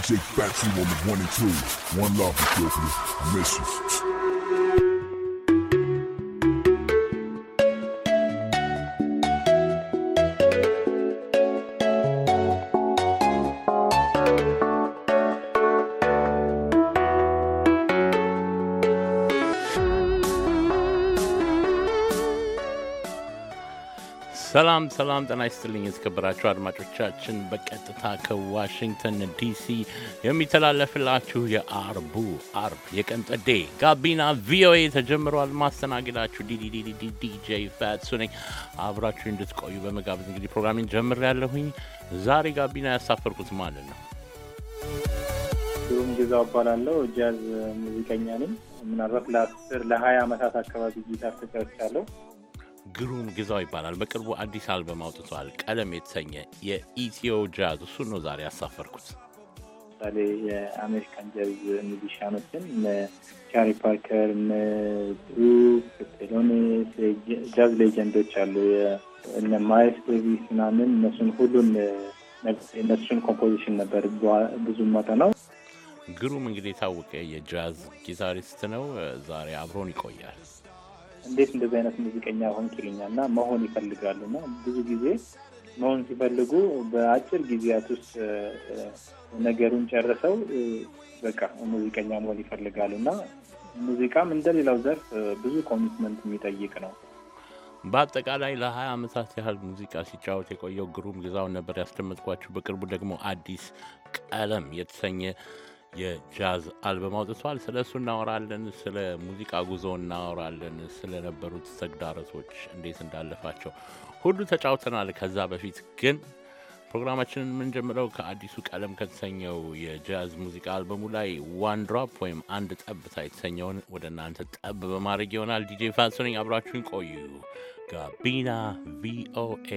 TJ Factory on the one and two. One love, Brooklyn. I miss you. ሰላም ሰላም፣ ጤና ይስጥልኝ የተከበራችሁ አድማጮቻችን በቀጥታ ከዋሽንግተን ዲሲ የሚተላለፍላችሁ የአርቡ አርብ የቀን ጠዴ ጋቢና ቪኦኤ ተጀምሯል። ማስተናገዳችሁ ዲዲዲዲዲጄ ፋትሱ ነኝ። አብራችሁ እንድትቆዩ በመጋበዝ እንግዲህ ፕሮግራሚን ጀምር ያለሁኝ ዛሬ ጋቢና ያሳፈርኩት ማለት ነው ሩም ግዛው እባላለሁ። ጃዝ ሙዚቀኛ ነኝ። ምናልባት ለአስር ለሀያ ዓመታት አካባቢ ጊታር ተጫውቻለሁ። ግሩም ግዛው ይባላል። በቅርቡ አዲስ አልበም አውጥተዋል። ቀለም የተሰኘ የኢትዮ ጃዝ እሱ ነው ዛሬ ያሳፈርኩት። ለምሳሌ የአሜሪካን ጃዝ ሙዚሻኖችን ቻሪ ፓርከር፣ ድሩ ቴሎኒ ጃዝ ሌጀንዶች አሉ እነ ማይልስ ዴቪስ ምናምን እነሱን ሁሉን እነሱን ኮምፖዚሽን ነበር ብዙ ነው። ግሩም እንግዲህ የታወቀ የጃዝ ጊታሪስት ነው። ዛሬ አብሮን ይቆያል። እንዴት እንደዚህ አይነት ሙዚቀኛ ሆንክ እና መሆን እና ብዙ ጊዜ መሆን ሲፈልጉ በአጭር ጊዜያት ውስጥ ነገሩን ጨርሰው በቃ ሙዚቀኛ መሆን ይፈልጋሉና ሙዚቃም እንደሌላው ዘርፍ ብዙ ኮሚትመንት የሚጠይቅ ነው። በአጠቃላይ ለሀያ ዓመታት ያህል ሙዚቃ ሲጫወት የቆየው ግሩም ግዛውን ነበር ያስደመጥኳችሁ። በቅርቡ ደግሞ አዲስ ቀለም የተሰኘ የጃዝ አልበም አውጥቷል። ስለ እሱ እናወራለን። ስለ ሙዚቃ ጉዞ እናወራለን። ስለነበሩት ተግዳሮቶች እንዴት እንዳለፋቸው ሁሉ ተጫውተናል። ከዛ በፊት ግን ፕሮግራማችንን የምንጀምረው ከአዲሱ ቀለም ከተሰኘው የጃዝ ሙዚቃ አልበሙ ላይ ዋን ድሮፕ ወይም አንድ ጠብታ የተሰኘውን ወደ እናንተ ጠብ በማድረግ ይሆናል። ዲጄ ፋንሶ ነኝ። አብራችሁን ቆዩ። ጋቢና ቪኦኤ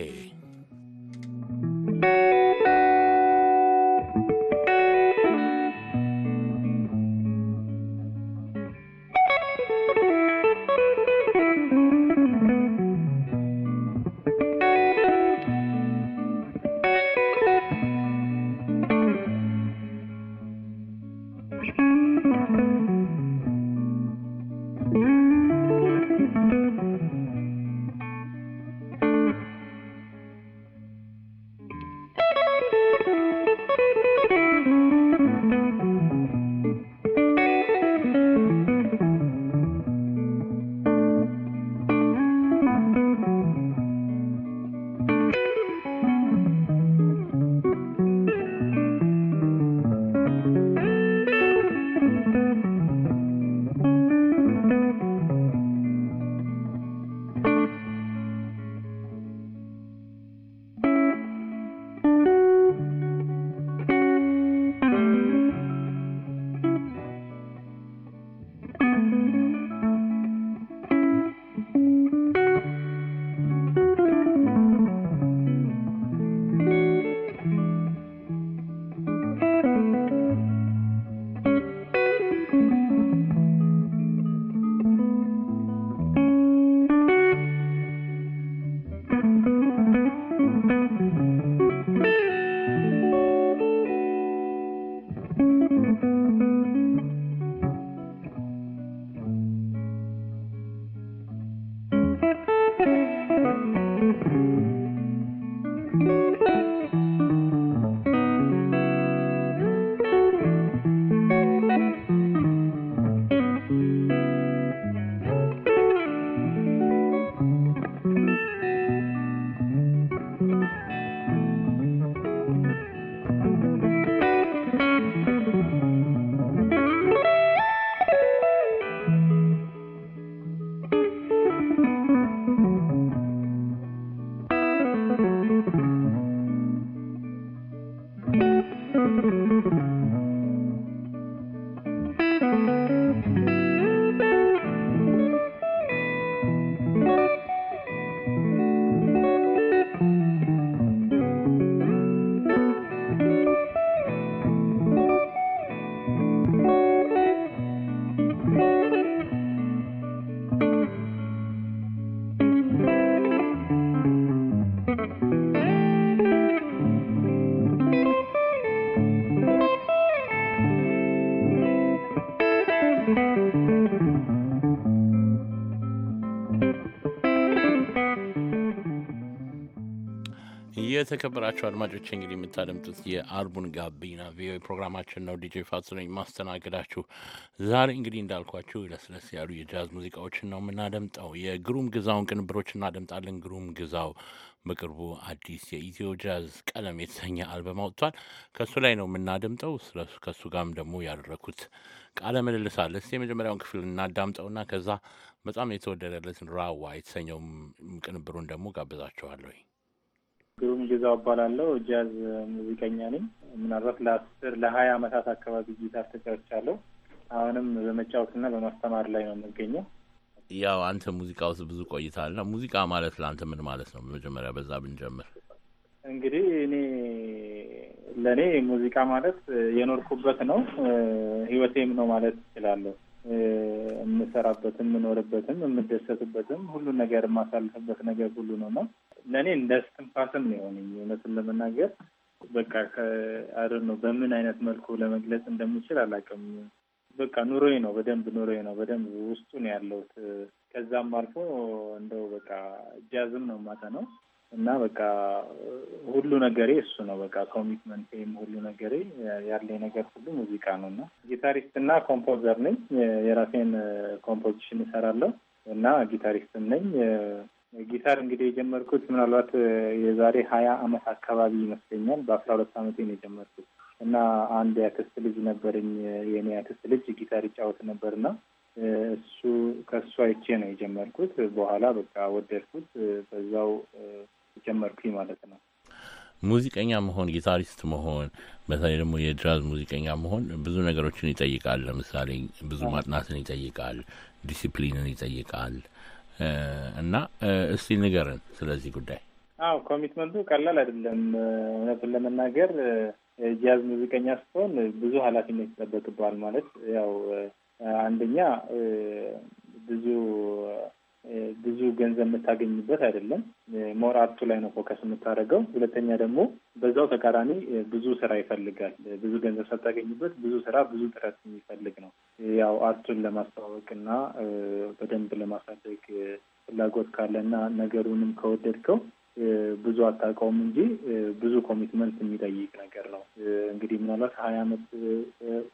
የተከበራቸው አድማጮች እንግዲህ የምታደምጡት የአርቡን ጋቢና ቪኦኤ ፕሮግራማችን ነው። ዲጄ ፋሱ ነኝ ዛሬ እንግዲህ እንዳልኳችሁ ለስለስ ያሉ የጃዝ ሙዚቃዎችን ነው የምናደምጠው። የግሩም ግዛውን ቅንብሮች እናደምጣለን። ግሩም ግዛው በቅርቡ አዲስ የኢትዮ ጃዝ ቀለም የተሰኘ አልበም አውጥቷል። ከእሱ ላይ ነው የምናደምጠው። ከእሱ ጋርም ደግሞ ያደረኩት ቃለ ምልልስ አለ። እስቲ የመጀመሪያውን ክፍል እናዳምጠውና ከዛ በጣም የተወደደለትን ራዋ የተሰኘው ቅንብሩን ደግሞ ጋብዛችኋለሁ። ግሩም ግዛው እባላለሁ። ጃዝ ሙዚቀኛ ነኝ። ምናልባት ለአስር ለሀያ አመታት አካባቢ ጊታር ተጫውቻለሁ። አሁንም በመጫወትና በማስተማር ላይ ነው የምገኘው። ያው አንተ ሙዚቃ ውስጥ ብዙ ቆይታልና ሙዚቃ ማለት ለአንተ ምን ማለት ነው? መጀመሪያ በዛ ብንጀምር። እንግዲህ እኔ ለእኔ ሙዚቃ ማለት የኖርኩበት ነው፣ ህይወቴም ነው ማለት እችላለሁ። የምሰራበትም፣ የምኖርበትም፣ የምደሰትበትም ሁሉ ነገር የማሳልፍበት ነገር ሁሉ ነው ነው ለእኔ እንደ ስትንፋስም ነው የሆነኝ። እውነትን ለመናገር በቃ ከአደ ነው በምን አይነት መልኩ ለመግለጽ እንደምችል አላውቅም። በቃ ኑሮዬ ነው፣ በደንብ ኑሮዬ ነው፣ በደንብ ውስጡ ነው ያለሁት። ከዛም አልፎ እንደው በቃ ጃዝም ነው ማታ ነው እና በቃ ሁሉ ነገሬ እሱ ነው። በቃ ኮሚትመንት ወይም ሁሉ ነገሬ ያለኝ ነገር ሁሉ ሙዚቃ ነው እና ጊታሪስት እና ኮምፖዘር ነኝ። የራሴን ኮምፖዚሽን እሰራለሁ እና ጊታሪስትም ነኝ። ጊታር እንግዲህ የጀመርኩት ምናልባት የዛሬ ሀያ አመት አካባቢ ይመስለኛል። በአስራ ሁለት አመቴ ነው የጀመርኩት እና አንድ ያክስት ልጅ ነበርኝ። የኔ ያክስት ልጅ ጊታር ይጫወት ነበርና እሱ ከእሱ አይቼ ነው የጀመርኩት። በኋላ በቃ ወደድኩት፣ በዛው ጀመርኩኝ ማለት ነው። ሙዚቀኛ መሆን፣ ጊታሪስት መሆን፣ በተለይ ደግሞ የጃዝ ሙዚቀኛ መሆን ብዙ ነገሮችን ይጠይቃል። ለምሳሌ ብዙ ማጥናትን ይጠይቃል፣ ዲሲፕሊንን ይጠይቃል እና እስቲ ንገርን ስለዚህ ጉዳይ። አዎ ኮሚትመንቱ ቀላል አይደለም። እውነቱን ለመናገር ጃዝ ሙዚቀኛ ስትሆን ብዙ ኃላፊነት ይጠበቅበዋል ማለት ያው አንደኛ ብዙ ብዙ ገንዘብ የምታገኝበት አይደለም። ሞር አርቱ ላይ ነው ፎከስ የምታደርገው። ሁለተኛ ደግሞ በዛው ተቃራኒ ብዙ ስራ ይፈልጋል። ብዙ ገንዘብ ስታገኝበት ብዙ ስራ፣ ብዙ ጥረት የሚፈልግ ነው። ያው አርቱን ለማስተዋወቅ እና በደንብ ለማሳደግ ፍላጎት ካለና ነገሩንም ከወደድከው ብዙ አታውቀውም እንጂ ብዙ ኮሚትመንት የሚጠይቅ ነገር ነው። እንግዲህ ምናልባት ሀያ አመት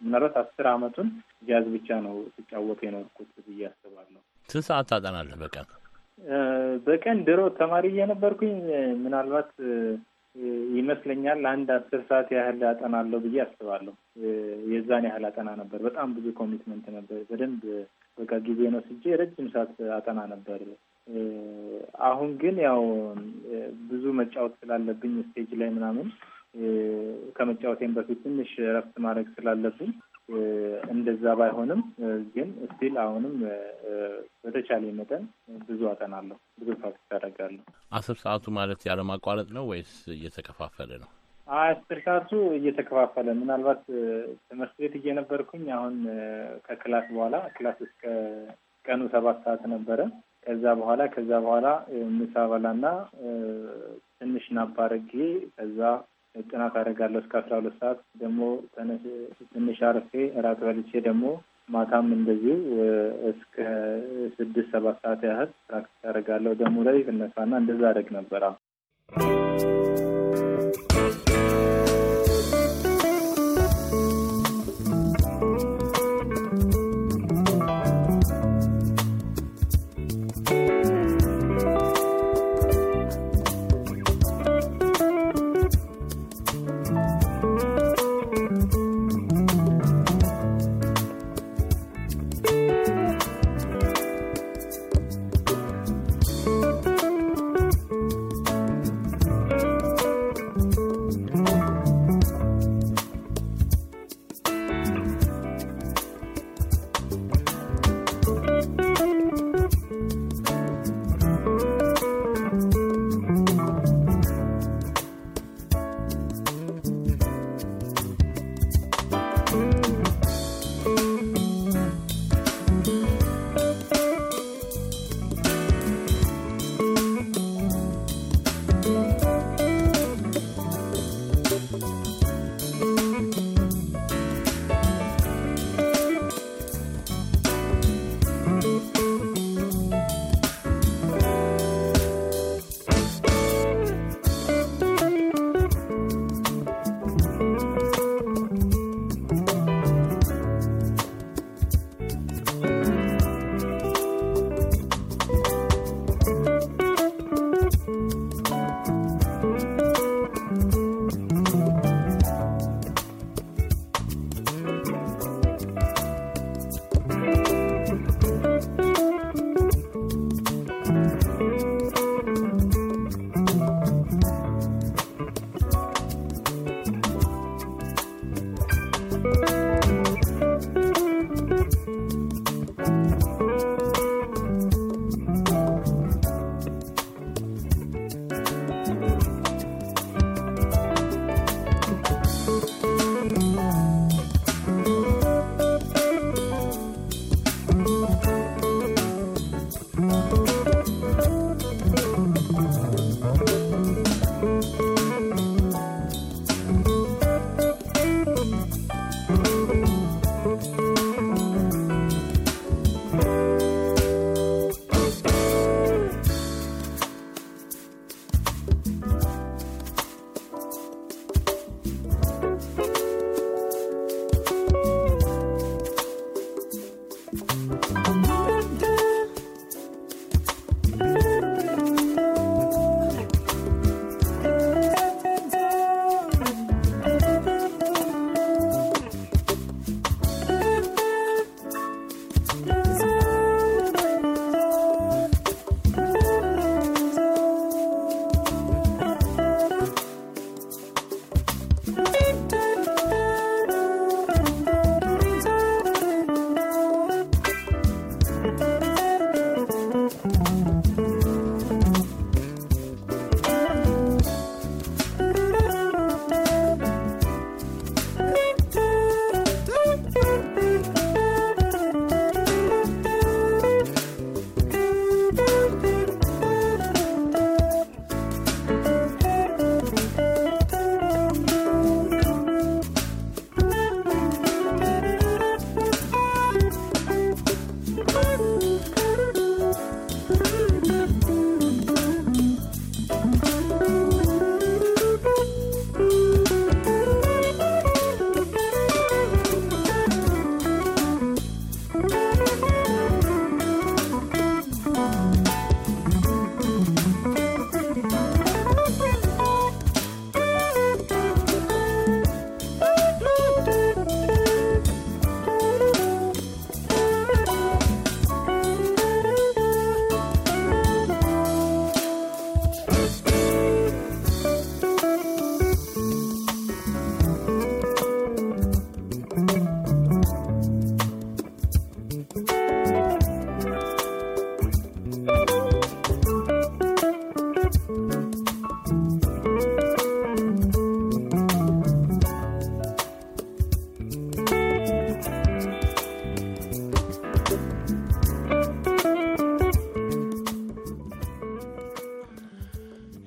ምናልባት አስር አመቱን ጃዝ ብቻ ነው ስጫወት የኖርኩት ብዬ አስባለሁ። ስንት ሰዓት ታጠናለህ በቀን? በቀን ድሮ ተማሪ እየነበርኩኝ ምናልባት ይመስለኛል አንድ አስር ሰዓት ያህል አጠናለሁ ብዬ አስባለሁ። የዛን ያህል አጠና ነበር። በጣም ብዙ ኮሚትመንት ነበር። በደንብ በቃ ጊዜ ነው ስጄ ረጅም ሰዓት አጠና ነበር። አሁን ግን ያው ብዙ መጫወት ስላለብኝ ስቴጅ ላይ ምናምን ከመጫወቴም በፊት ትንሽ እረፍት ማድረግ ስላለብኝ እንደዛ ባይሆንም ግን ስቲል አሁንም በተቻለ መጠን ብዙ አጠናለሁ፣ ብዙ ፕራክቲስ አደርጋለሁ። አስር ሰዓቱ ማለት ያለማቋረጥ ነው ወይስ እየተከፋፈለ ነው? አስር ሰዓቱ እየተከፋፈለ ምናልባት ትምህርት ቤት እየነበርኩኝ አሁን ከክላስ በኋላ ክላስ እስከ ቀኑ ሰባት ሰዓት ነበረ። ከዛ በኋላ ከዛ በኋላ ምሳ በላና ትንሽ ናፕ ከዛ ጥናት አደርጋለሁ እስከ አስራ ሁለት ሰዓት ደግሞ ትንሽ አርፌ እራት በልቼ ደግሞ ማታም እንደዚሁ እስከ ስድስት ሰባት ሰዓት ያህል ፕራክቲስ አደርጋለሁ። ደግሞ ላይ እነሳና እንደዛ አደርግ ነበር።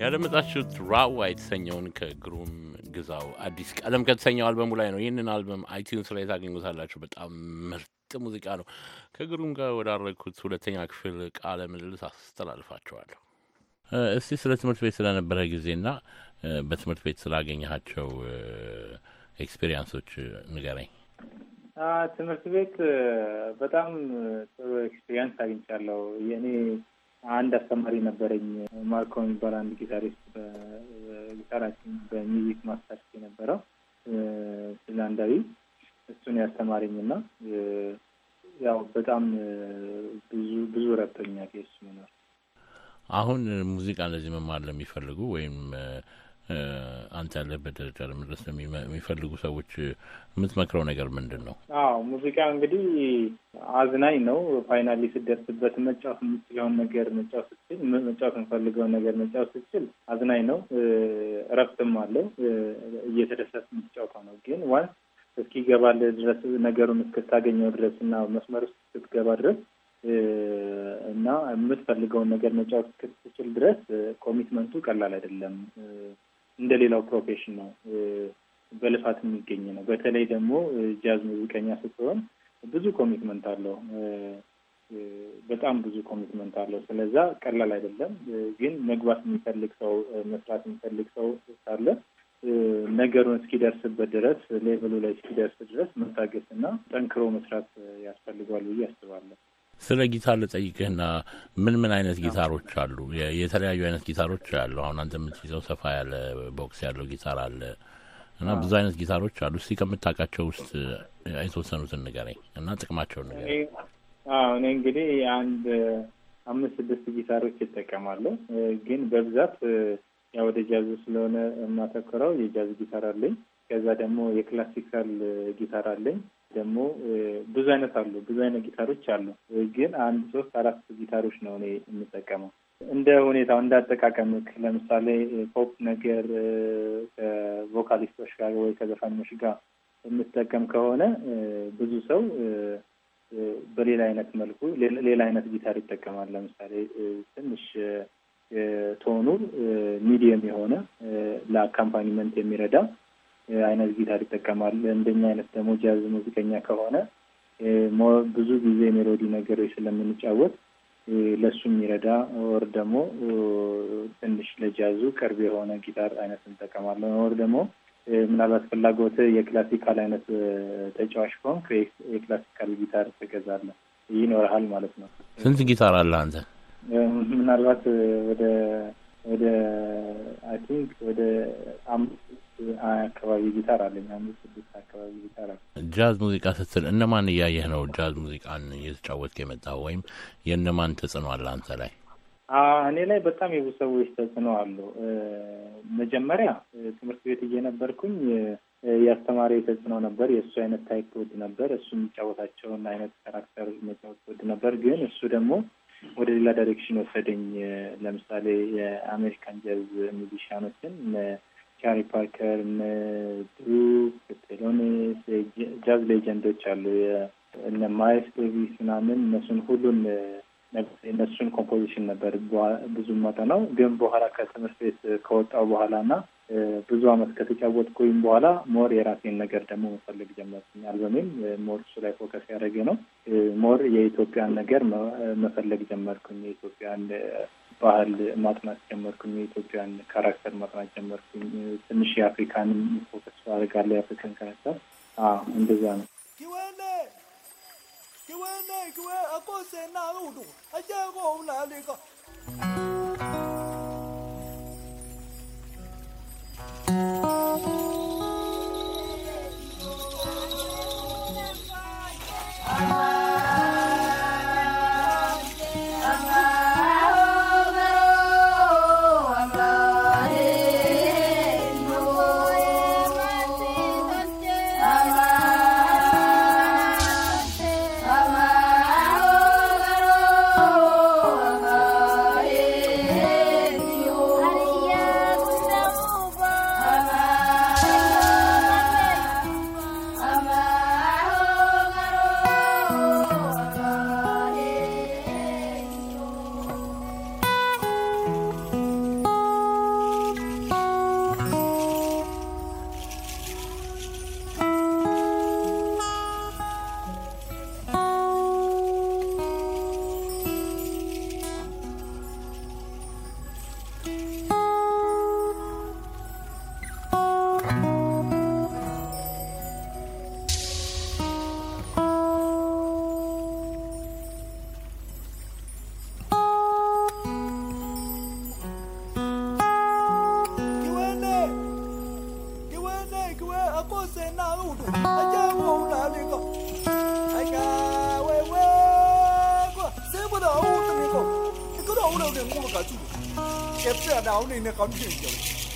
ያደመጣችሁት ራዋ የተሰኘውን ከግሩም ግዛው አዲስ ቀለም ከተሰኘው አልበሙ ላይ ነው። ይህንን አልበም አይቲዩንስ ላይ ታገኙታላችሁ። በጣም ምርጥ ሙዚቃ ነው። ከግሩም ጋር ወዳረግኩት ሁለተኛ ክፍል ቃለ ምልልስ አስተላልፋቸዋለሁ። እስቲ ስለ ትምህርት ቤት ስለነበረ ጊዜና በትምህርት ቤት ስላገኘሃቸው ኤክስፔሪንሶች ንገረኝ። ትምህርት ቤት በጣም ጥሩ ኤክስፔሪንስ አግኝቻለሁ የእኔ አንድ አስተማሪ ነበረኝ ማርኮ የሚባል አንድ ጊታሪስት በጊታራችን በሚዚክ ማስተርስ የነበረው ስላንዳዊ እሱን ያስተማሪኝ እና ያው በጣም ብዙ ብዙ ረብተኛ የሱ ነው። አሁን ሙዚቃ እንደዚህ መማር ለሚፈልጉ ወይም አንተ ያለበት ደረጃ ለመድረስ የሚፈልጉ ሰዎች የምትመክረው ነገር ምንድን ነው? አዎ ሙዚቃ እንግዲህ አዝናኝ ነው። ፋይናሊ ስደርስበት መጫወት የምችለውን ነገር መጫወት ስችል፣ መጫወት የምፈልገውን ነገር መጫወት ስችል አዝናኝ ነው። እረፍትም አለው። እየተደሰት የምትጫወተው ነው። ግን ዋን እስኪገባል ድረስ ነገሩን እስክታገኘው ድረስ እና መስመር ውስጥ ስትገባ ድረስ እና የምትፈልገውን ነገር መጫወት እስክትችል ድረስ ኮሚትመንቱ ቀላል አይደለም። እንደ ሌላው ፕሮፌሽን ነው፣ በልፋት የሚገኝ ነው። በተለይ ደግሞ ጃዝ ሙዚቀኛ ስትሆን ብዙ ኮሚትመንት አለው፣ በጣም ብዙ ኮሚትመንት አለው። ስለዛ ቀላል አይደለም። ግን መግባት የሚፈልግ ሰው መስራት የሚፈልግ ሰው ካለ ነገሩን እስኪደርስበት ድረስ ሌቨሉ ላይ እስኪደርስ ድረስ እና ጠንክሮ መስራት ያስፈልገዋል ብዬ አስባለሁ። ስለ ጊታር ልጠይቅህና ምን ምን አይነት ጊታሮች አሉ? የተለያዩ አይነት ጊታሮች አሉ። አሁን አንተ የምትይዘው ሰፋ ያለ ቦክስ ያለው ጊታር አለ እና ብዙ አይነት ጊታሮች አሉ። እስቲ ከምታውቃቸው ውስጥ የተወሰኑትን ንገረኝ እና ጥቅማቸውን ንገረኝ። እኔ እንግዲህ አንድ አምስት ስድስት ጊታሮች ይጠቀማለሁ፣ ግን በብዛት ያ ወደ ጃዙ ስለሆነ የማተኩረው የጃዝ ጊታር አለኝ። ከዛ ደግሞ የክላሲካል ጊታር አለኝ። ደግሞ ብዙ አይነት አሉ፣ ብዙ አይነት ጊታሮች አሉ። ግን አንድ ሶስት አራት ጊታሮች ነው እኔ የምጠቀመው እንደ ሁኔታው እንዳጠቃቀምክ። ለምሳሌ ፖፕ ነገር ከቮካሊስቶች ጋር ወይ ከዘፋኞች ጋር የምጠቀም ከሆነ ብዙ ሰው በሌላ አይነት መልኩ ሌላ አይነት ጊታር ይጠቀማል። ለምሳሌ ትንሽ ቶኑ ሚዲየም የሆነ ለአካምፓኒመንት የሚረዳ አይነት ጊታር ይጠቀማል። እንደኛ አይነት ደግሞ ጃዝ ሙዚቀኛ ከሆነ ብዙ ጊዜ ሜሎዲ ነገሮች ስለምንጫወት ለሱ የሚረዳ ወር ደግሞ ትንሽ ለጃዙ ቅርብ የሆነ ጊታር አይነት እንጠቀማለን። ወር ደግሞ ምናልባት ፍላጎት የክላሲካል አይነት ተጫዋች ከሆን የክላሲካል ጊታር ትገዛለህ፣ ይኖርሃል ማለት ነው። ስንት ጊታር አለ አንተ? ምናልባት ወደ ወደ አይ ቲንክ ወደ አምስት አካባቢ ጊታር አለኝ። አምስት ስድስት አካባቢ ጊታር አለ። ጃዝ ሙዚቃ ስትል እነማን እያየህ ነው ጃዝ ሙዚቃን እየተጫወትክ የመጣው ወይም የእነማን ተጽዕኖ አለ አንተ ላይ? እኔ ላይ በጣም የብዙ ሰዎች ተጽዕኖ አሉ። መጀመሪያ ትምህርት ቤት እየነበርኩኝ የአስተማሪ ተጽዕኖ ነበር። የእሱ አይነት ታይፕ ወድ ነበር። እሱ የሚጫወታቸውን አይነት ካራክተር መጫወት ወድ ነበር። ግን እሱ ደግሞ ወደ ሌላ ዳይሬክሽን ወሰደኝ። ለምሳሌ የአሜሪካን ጃዝ ሚዚሽያኖችን ካሪ ፓርከር፣ ድሩ ቴሎን ጃዝ ሌጀንዶች አሉ እነ ማይልስ ዴቪስ ምናምን እነሱን ሁሉን እነሱን ኮምፖዚሽን ነበር ብዙ መጠ ነው። ግን በኋላ ከትምህርት ቤት ከወጣው በኋላ እና ብዙ አመት ከተጫወትኩኝ በኋላ ሞር የራሴን ነገር ደግሞ መፈለግ ጀመርኩኝ። አልበሜም ሞር እሱ ላይ ፎከስ ያደረገ ነው። ሞር የኢትዮጵያን ነገር መፈለግ ጀመርኩኝ የኢትዮጵያን ባህል ማጥናት ጀመርኩኝ። የኢትዮጵያን ካራክተር ማጥናት ጀመርኩኝ። ትንሽ የአፍሪካንም ፎከስ አደርጋለሁ። የአፍሪካን ካራክተር እንደዛ ነው። Thank you. 哎呀，我哪里个？哎呀，喂喂，我舍不得熬这个，这个熬了点，我感觉，特别是熬那个干煸牛肉。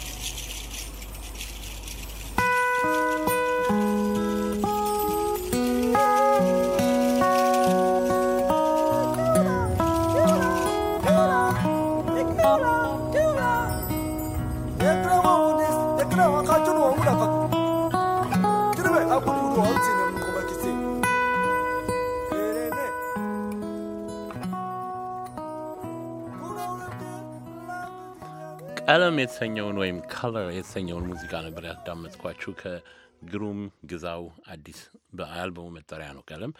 የተሰኘውን ወይም ከለር የተሰኘውን ሙዚቃ ነበር ያዳመጥኳችሁ ከግሩም ግዛው አዲስ በአልበሙ መጠሪያ ነው ቀለም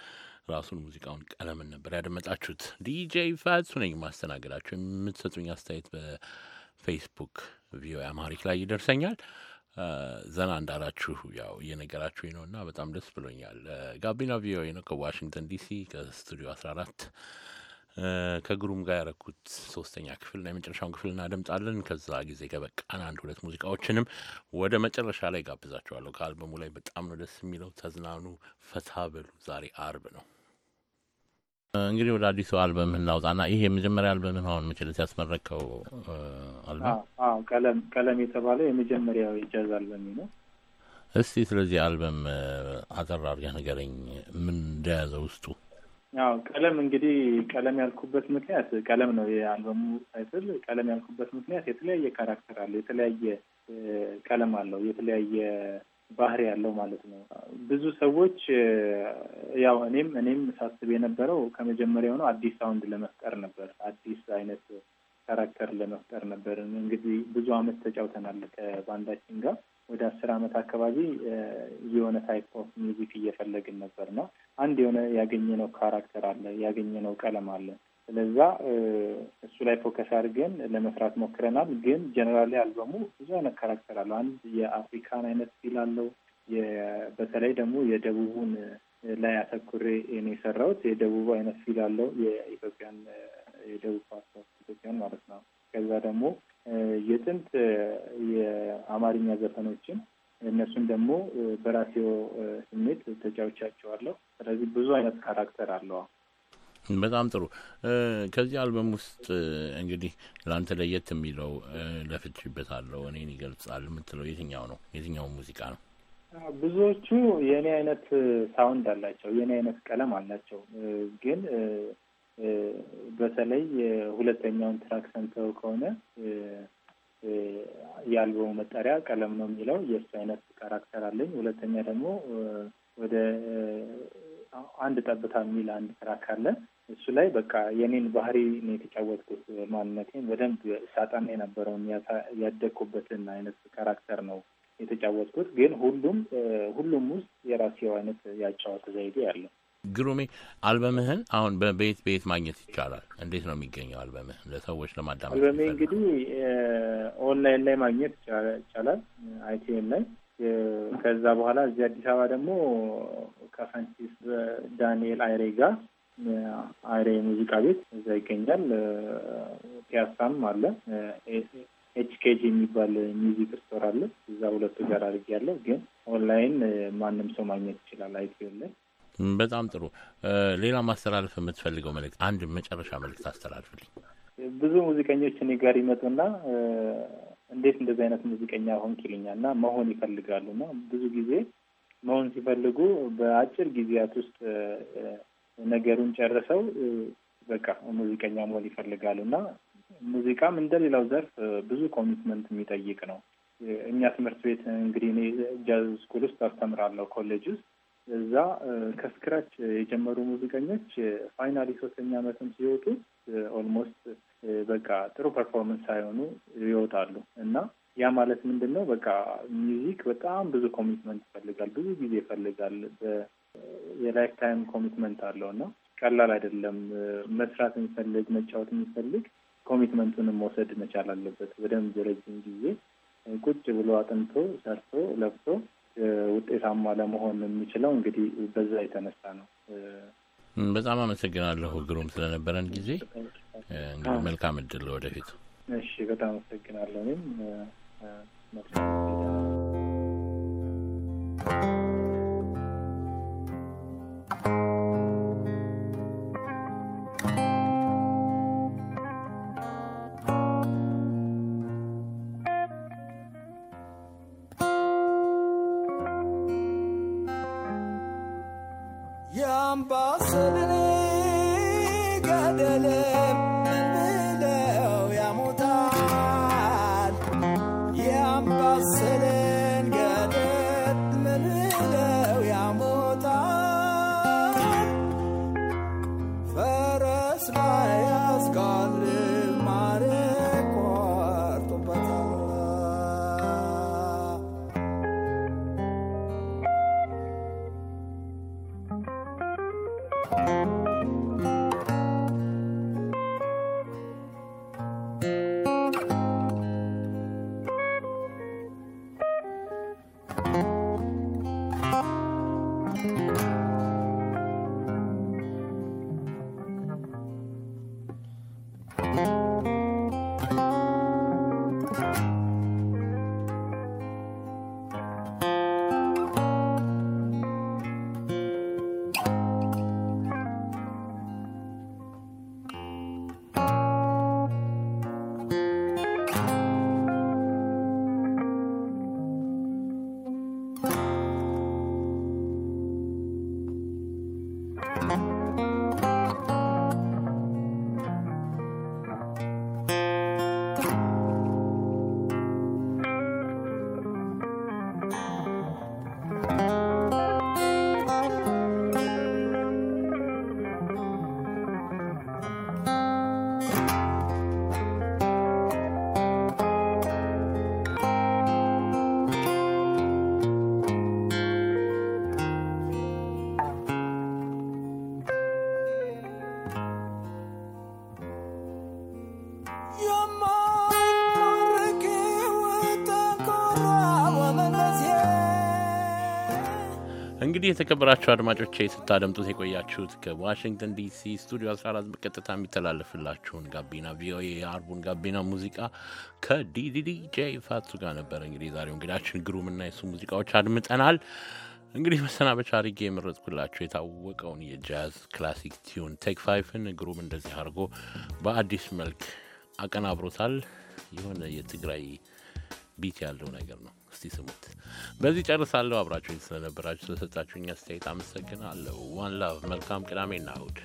ራሱን ሙዚቃውን ቀለምን ነበር ያደመጣችሁት። ዲጄ ፋሱ ነኝ ማስተናገዳችሁ። የምትሰጡኝ አስተያየት በፌስቡክ ቪኦኤ አማሪክ ላይ ይደርሰኛል። ዘና እንዳላችሁ ያው እየነገራችሁ ነው እና በጣም ደስ ብሎኛል። ጋቢና ቪኦኤ ነው ከዋሽንግተን ዲሲ ከስቱዲዮ 14 ከግሩም ጋር ያረኩት ሶስተኛ ክፍል የመጨረሻውን ክፍል እናደምጣለን። ከዛ ጊዜ ከበቃን አንድ ሁለት ሙዚቃዎችንም ወደ መጨረሻ ላይ ጋብዛቸዋለሁ። ከአልበሙ ላይ በጣም ነው ደስ የሚለው። ተዝናኑ፣ ፈታ በሉ። ዛሬ አርብ ነው። እንግዲህ ወደ አዲሱ አልበም እናውጣና ይህ የመጀመሪያ አልበምህን አሁን መቼለት ያስመረከው አልበም ቀለም ቀለም የተባለ የመጀመሪያው የጃዝ አልበም ነው። እስቲ ስለዚህ አልበም አጠር አድርገህ ንገረኝ፣ ምን እንደያዘ ውስጡ ያው ቀለም እንግዲህ ቀለም ያልኩበት ምክንያት ቀለም ነው የአልበሙ ታይትል። ቀለም ያልኩበት ምክንያት የተለያየ ካራክተር አለው፣ የተለያየ ቀለም አለው፣ የተለያየ ባህሪ ያለው ማለት ነው። ብዙ ሰዎች ያው እኔም እኔም ሳስብ የነበረው ከመጀመሪያው ነው አዲስ ሳውንድ ለመፍጠር ነበር፣ አዲስ አይነት ካራክተር ለመፍጠር ነበር። እንግዲህ ብዙ አመት ተጫውተናል ከባንዳችን ጋር ወደ አስር ዓመት አካባቢ የሆነ ታይፕ ኦፍ ሚዚክ እየፈለግን ነበር ነው አንድ የሆነ ያገኘነው ካራክተር አለ፣ ያገኘነው ቀለም አለ። ስለዛ እሱ ላይ ፎከስ አድርገን ለመስራት ሞክረናል። ግን ጀነራሊ አልበሙ ብዙ አይነት ካራክተር አለው። አንድ የአፍሪካን አይነት ፊል አለው። በተለይ ደግሞ የደቡቡን ላይ አተኩሬ ነው የሰራሁት። የደቡቡ አይነት ፊል አለው። የኢትዮጵያን የደቡብ ፓርት ኢትዮጵያን ማለት ነው። ከዛ ደግሞ የጥንት የአማርኛ ዘፈኖችን እነሱን ደግሞ በራሴው ስሜት ተጫውቻቸዋለሁ። ስለዚህ ብዙ አይነት ካራክተር አለዋ። በጣም ጥሩ። ከዚህ አልበም ውስጥ እንግዲህ ለአንተ ለየት የሚለው ለፍችበት አለው እኔን ይገልጻል የምትለው የትኛው ነው? የትኛው ሙዚቃ ነው? ብዙዎቹ የእኔ አይነት ሳውንድ አላቸው፣ የእኔ አይነት ቀለም አላቸው ግን በተለይ ሁለተኛውን ትራክ ሰምተው ከሆነ የአልበሙ መጠሪያ ቀለም ነው የሚለው የእሱ አይነት ካራክተር አለኝ። ሁለተኛ ደግሞ ወደ አንድ ጠብታ የሚል አንድ ትራክ አለ። እሱ ላይ በቃ የኔን ባህሪ ነው የተጫወትኩት። ማንነቴን በደንብ ሳጣን የነበረውን ያደግኩበትን አይነት ካራክተር ነው የተጫወትኩት። ግን ሁሉም ሁሉም ውስጥ የራሴው አይነት ያጫወት ዘይቤ ያለው ግሩሜ አልበምህን አሁን በቤት ቤት ማግኘት ይቻላል? እንዴት ነው የሚገኘው አልበምህ ለሰዎች ለማዳመጥ? አልበሜ እንግዲህ ኦንላይን ላይ ማግኘት ይቻላል፣ አይቲዩን ላይ። ከዛ በኋላ እዚህ አዲስ አበባ ደግሞ ከፈንቲስ ዳንኤል አይሬ ጋር አይሬ ሙዚቃ ቤት እዛ ይገኛል። ፒያሳም አለ ኤችኬጂ የሚባል ሚዚክ ስቶር አለ። እዛ ሁለቱ ጋር አድርጌያለሁ። ግን ኦንላይን ማንም ሰው ማግኘት ይችላል አይቲዩን ላይ በጣም ጥሩ። ሌላ ማስተላለፍ የምትፈልገው መልእክት፣ አንድ መጨረሻ መልእክት አስተላልፍልኝ። ብዙ ሙዚቀኞች እኔ ጋር ይመጡና እንዴት እንደዚህ አይነት ሙዚቀኛ ሆንክ ይሉኛል እና መሆን ይፈልጋሉ እና ብዙ ጊዜ መሆን ሲፈልጉ በአጭር ጊዜያት ውስጥ ነገሩን ጨርሰው በቃ ሙዚቀኛ መሆን ይፈልጋሉ እና ሙዚቃም እንደሌላው ዘርፍ ብዙ ኮሚትመንት የሚጠይቅ ነው። እኛ ትምህርት ቤት እንግዲህ እኔ ጃዝ ስኩል ውስጥ አስተምራለሁ ኮሌጅ ውስጥ እዛ ከስክራች የጀመሩ ሙዚቀኞች ፋይናሊ ሶስተኛ አመትም ሲወጡ ኦልሞስት በቃ ጥሩ ፐርፎርመንስ ሳይሆኑ ይወጣሉ እና ያ ማለት ምንድን ነው? በቃ ሚዚክ በጣም ብዙ ኮሚትመንት ይፈልጋል፣ ብዙ ጊዜ ይፈልጋል። የላይፍ ታይም ኮሚትመንት አለው እና ቀላል አይደለም። መስራት የሚፈልግ መጫወት የሚፈልግ ኮሚትመንቱንም መውሰድ መቻል አለበት። በደንብ ረጅም ጊዜ ቁጭ ብሎ አጥንቶ ሰርቶ ለብቶ ውጤታማ ለመሆን የሚችለው እንግዲህ በዛ የተነሳ ነው። በጣም አመሰግናለሁ ግሩም ስለነበረን ጊዜ። እንግዲህ መልካም እድል ወደፊት። እሺ፣ በጣም አመሰግናለሁ እኔም smile. እንግዲህ የተከበራችሁ አድማጮች ስታደምጡት የቆያችሁት ከዋሽንግተን ዲሲ ስቱዲዮ 14 በቀጥታ የሚተላለፍላችሁን ጋቢና ቪኦኤ የአርቡን ጋቢና ሙዚቃ ከዲዲዲ ጄ ፋቱ ጋር ነበር። እንግዲህ ዛሬው እንግዳችን ግሩምና የሱ ሙዚቃዎች አድምጠናል። እንግዲህ መሰናበቻ አድርጌ የመረጥኩላችሁ የታወቀውን የጃዝ ክላሲክ ቲዩን ቴክ ፋይፍን ግሩም እንደዚህ አድርጎ በአዲስ መልክ አቀናብሮታል። የሆነ የትግራይ ቢት ያለው ነገር ነው። እስቲ ስሙት። በዚህ ጨርሳለሁ። አብራችሁኝ ስለነበራችሁ ስለሰጣችሁኝ አስተያየት አመሰግናለሁ። ዋን ላቭ። መልካም ቅዳሜና እሁድ።